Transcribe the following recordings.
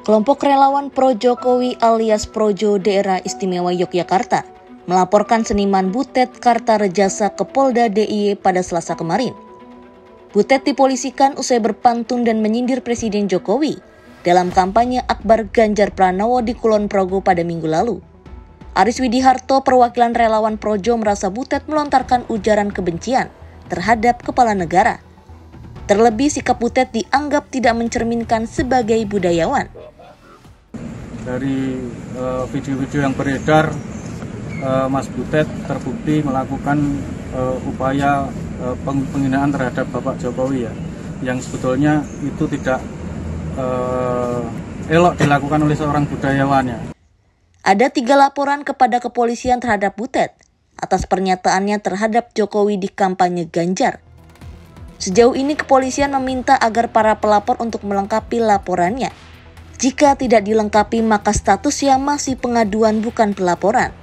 Kelompok relawan Pro Jokowi alias Projo Daerah Istimewa Yogyakarta melaporkan seniman Butet Kartarejasa ke Polda DIY pada Selasa kemarin. Butet dipolisikan usai berpantun dan menyindir Presiden Jokowi dalam kampanye Akbar Ganjar Pranowo di Kulon Progo pada minggu lalu. Aris Widiharto, perwakilan relawan Projo merasa Butet melontarkan ujaran kebencian terhadap kepala negara Terlebih sikap Butet dianggap tidak mencerminkan sebagai budayawan. Dari eh, video-video uh, yang beredar, uh, Mas Butet terbukti melakukan uh, upaya uh, penghinaan terhadap Bapak Jokowi ya, yang sebetulnya itu tidak uh, elok dilakukan oleh seorang budayawannya. Ada tiga laporan kepada kepolisian terhadap Butet atas pernyataannya terhadap Jokowi di kampanye Ganjar. Sejauh ini kepolisian meminta agar para pelapor untuk melengkapi laporannya. Jika tidak dilengkapi maka statusnya masih pengaduan bukan pelaporan.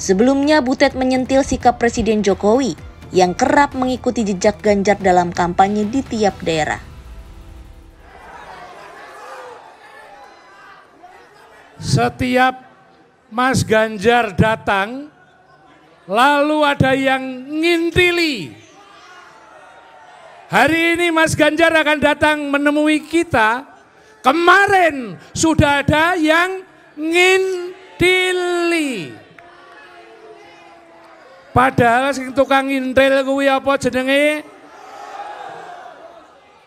Sebelumnya Butet menyentil sikap Presiden Jokowi yang kerap mengikuti jejak Ganjar dalam kampanye di tiap daerah. Setiap Mas Ganjar datang, lalu ada yang ngintili Hari ini Mas Ganjar akan datang menemui kita. Kemarin sudah ada yang ngintili. Padahal sing tukang ngintil kuwi apa jenenge?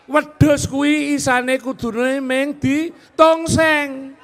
Wedhus kuwi isane kudune ming ditongseng. tongseng.